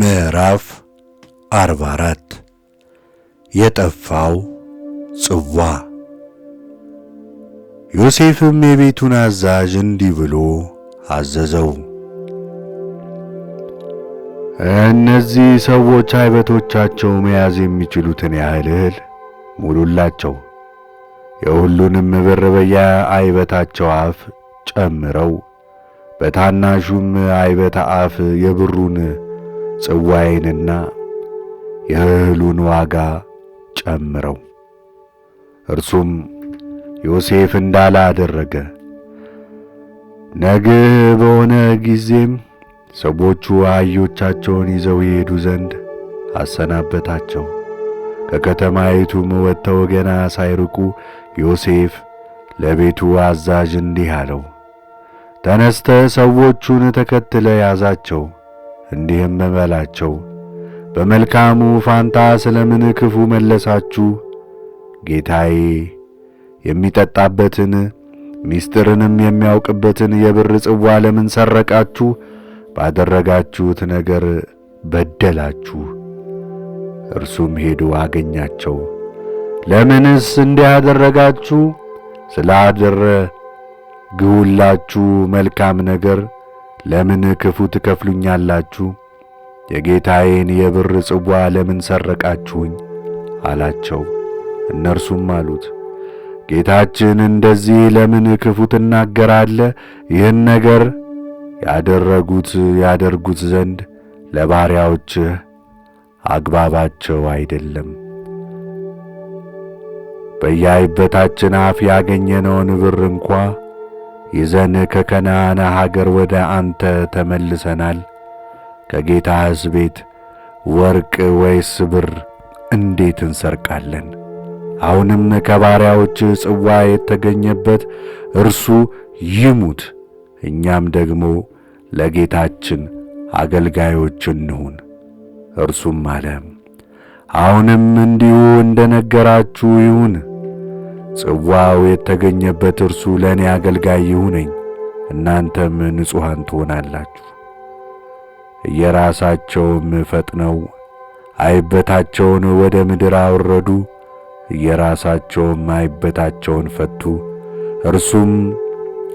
ምዕራፍ 44 የጠፋው ጽዋ። ዮሴፍም የቤቱን አዛዥ እንዲህ ብሎ አዘዘው፣ እነዚህ ሰዎች አይበቶቻቸው መያዝ የሚችሉትን ያህል እህል ሙሉላቸው፣ የሁሉንም ብር በየ አይበታቸው አፍ ጨምረው፣ በታናሹም አይበት አፍ የብሩን ጽዋዬንና የእህሉን ዋጋ ጨምረው። እርሱም ዮሴፍ እንዳለ አደረገ። ነገ በሆነ ጊዜም ሰዎቹ አህዮቻቸውን ይዘው ይሄዱ ዘንድ አሰናበታቸው። ከከተማይቱም ወጥተው ገና ሳይርቁ ዮሴፍ ለቤቱ አዛዥ እንዲህ አለው፣ ተነስተ ሰዎቹን ተከትለ ያዛቸው እንዲህም በላቸው፣ በመልካሙ ፋንታ ስለ ምን ክፉ መለሳችሁ? ጌታዬ የሚጠጣበትን ምስጢርንም የሚያውቅበትን የብር ጽዋ ለምን ሰረቃችሁ? ባደረጋችሁት ነገር በደላችሁ። እርሱም ሄዶ አገኛቸው። ለምንስ እንዲያደረጋችሁ? ስላደረግሁላችሁ መልካም ነገር ለምን ክፉ ትከፍሉኛላችሁ? የጌታዬን የብር ጽዋ ለምን ሰረቃችሁኝ? አላቸው። እነርሱም አሉት፣ ጌታችን እንደዚህ ለምን ክፉ ትናገራለህ? ይህን ነገር ያደረጉት ያደርጉት ዘንድ ለባሪያዎችህ አግባባቸው አይደለም። በያይበታችን አፍ ያገኘነውን ብር እንኳ ይዘን ከከነዓን ሀገር ወደ አንተ ተመልሰናል። ከጌታህስ ቤት ወርቅ ወይስ ብር እንዴት እንሰርቃለን? አሁንም ከባሪያዎች ጽዋ የተገኘበት እርሱ ይሙት፣ እኛም ደግሞ ለጌታችን አገልጋዮች እንሁን። እርሱም አለ፣ አሁንም እንዲሁ እንደ ነገራችሁ ይሁን። ጽዋው የተገኘበት እርሱ ለእኔ አገልጋይ ይሁነኝ፣ እናንተም ንጹሐን ትሆናላችሁ። እየራሳቸውም ፈጥነው አይበታቸውን ወደ ምድር አወረዱ፣ እየራሳቸውም አይበታቸውን ፈቱ። እርሱም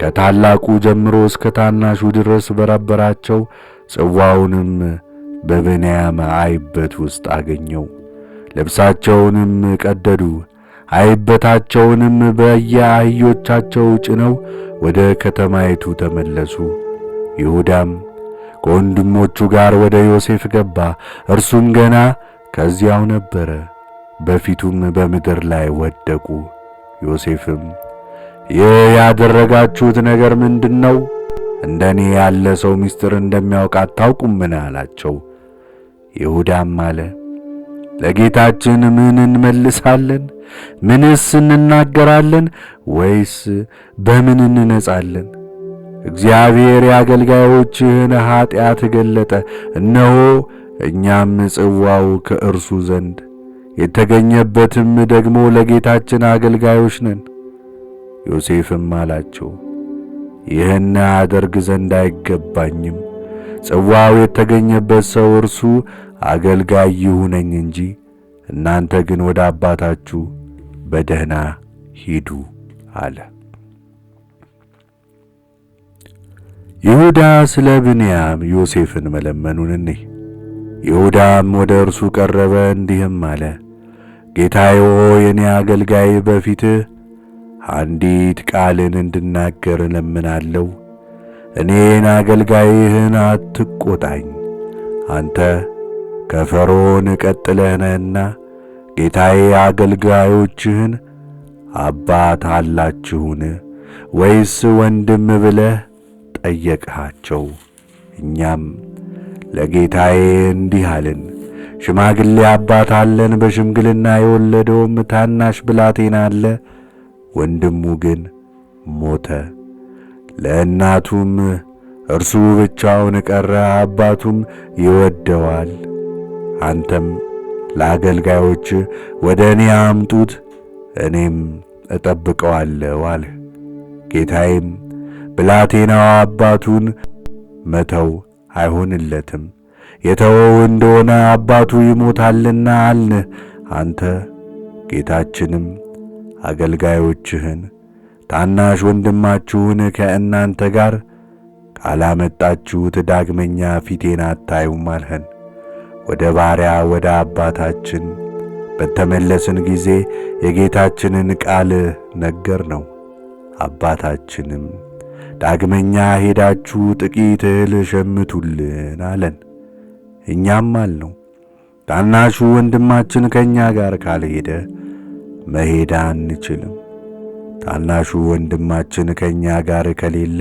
ከታላቁ ጀምሮ እስከ ታናሹ ድረስ በረበራቸው። ጽዋውንም በብንያም አይበት ውስጥ አገኘው። ልብሳቸውንም ቀደዱ አይበታቸውንም በየአህዮቻቸው ጭነው ወደ ከተማይቱ ተመለሱ። ይሁዳም ከወንድሞቹ ጋር ወደ ዮሴፍ ገባ፣ እርሱም ገና ከዚያው ነበረ። በፊቱም በምድር ላይ ወደቁ። ዮሴፍም ይህ ያደረጋችሁት ነገር ምንድን ነው? እንደ እኔ ያለ ሰው ምስጢር እንደሚያውቅ አታውቁምን? አላቸው። ይሁዳም አለ ለጌታችን ምን እንመልሳለን? ምንስ እንናገራለን? ወይስ በምን እንነጻለን? እግዚአብሔር የአገልጋዮችህን ኀጢአት ገለጠ። እነሆ እኛም ጽዋው ከእርሱ ዘንድ የተገኘበትም ደግሞ ለጌታችን አገልጋዮች ነን። ዮሴፍም አላቸው፣ ይህን አደርግ ዘንድ አይገባኝም ጽዋው የተገኘበት ሰው እርሱ አገልጋይ ይሁነኝ እንጂ እናንተ ግን ወደ አባታችሁ በደህና ሂዱ አለ። ይሁዳ ስለ ብንያም ዮሴፍን መለመኑን እንይ። ይሁዳም ወደ እርሱ ቀረበ እንዲህም አለ፣ ጌታዬ ሆይ እኔ አገልጋይ በፊትህ አንዲት ቃልን እንድናገር እለምናለሁ እኔን አገልጋይህን አትቆጣኝ፣ አንተ ከፈርዖን ቀጥለህ ነህና። ጌታዬ አገልጋዮችህን አባት አላችሁን ወይስ ወንድም ብለህ ጠየቅሃቸው። እኛም ለጌታዬ እንዲህ አልን፣ ሽማግሌ አባት አለን፣ በሽምግልና የወለደውም ታናሽ ብላቴና አለ፣ ወንድሙ ግን ሞተ። ለእናቱም እርሱ ብቻውን ቀረ፣ አባቱም ይወደዋል። አንተም ለአገልጋዮች ወደ እኔ አምጡት፣ እኔም እጠብቀዋለሁ አለ። ጌታዬም ብላቴናው አባቱን መተው አይሆንለትም፣ የተወው እንደሆነ አባቱ ይሞታልና አልንህ። አንተ ጌታችንም አገልጋዮችህን ታናሽ ወንድማችሁን ከእናንተ ጋር ካላመጣችሁት ዳግመኛ ፊቴን አታዩም አልኸን። ወደ ባሪያ ወደ አባታችን በተመለስን ጊዜ የጌታችንን ቃል ነገር ነው። አባታችንም ዳግመኛ ሄዳችሁ ጥቂት እህል ሸምቱልን አለን። እኛም አልነው ታናሹ ወንድማችን ከእኛ ጋር ካልሄደ መሄድ አንችልም። ታናሹ ወንድማችን ከእኛ ጋር ከሌለ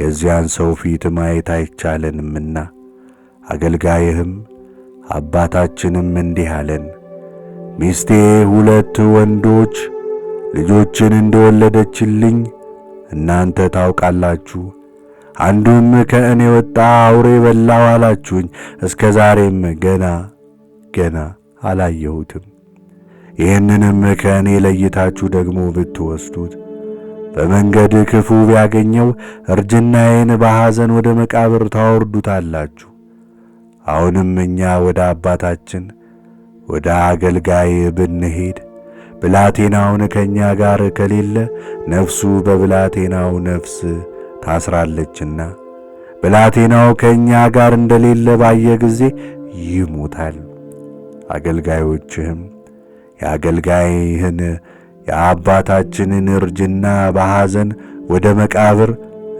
የዚያን ሰው ፊት ማየት አይቻለንምና፣ አገልጋይህም አባታችንም እንዲህ አለን፣ ሚስቴ ሁለት ወንዶች ልጆችን እንደወለደችልኝ እናንተ ታውቃላችሁ። አንዱም ከእኔ ወጣ አውሬ በላው አላችሁኝ። እስከ ዛሬም ገና ገና አላየሁትም። ይህንንም ከእኔ ለይታችሁ ደግሞ ብትወስዱት በመንገድ ክፉ ቢያገኘው እርጅናዬን በሐዘን ወደ መቃብር ታወርዱታላችሁ። አሁንም እኛ ወደ አባታችን ወደ አገልጋይ ብንሄድ ብላቴናውን ከእኛ ጋር ከሌለ ነፍሱ በብላቴናው ነፍስ ታስራለችና ብላቴናው ከእኛ ጋር እንደሌለ ባየ ጊዜ ይሞታል። አገልጋዮችህም የአገልጋይህን የአባታችንን እርጅና በሐዘን ወደ መቃብር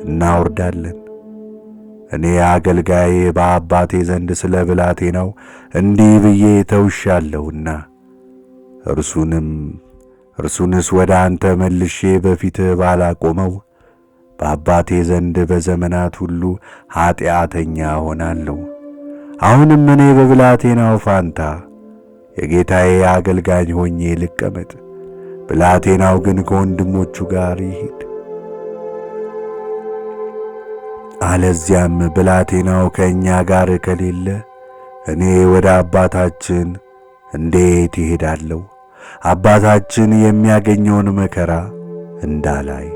እናወርዳለን። እኔ አገልጋዬ በአባቴ ዘንድ ስለ ብላቴናው እንዲህ ብዬ ተውሻለሁና እርሱንም እርሱንስ ወደ አንተ መልሼ በፊትህ ባላቆመው በአባቴ ዘንድ በዘመናት ሁሉ ኀጢአተኛ ሆናለሁ። አሁንም እኔ በብላቴናው ፋንታ የጌታዬ አገልጋኝ ሆኜ ልቀመጥ፣ ብላቴናው ግን ከወንድሞቹ ጋር ይሂድ። አለዚያም ብላቴናው ከእኛ ጋር ከሌለ እኔ ወደ አባታችን እንዴት ይሄዳለሁ? አባታችን የሚያገኘውን መከራ እንዳላይ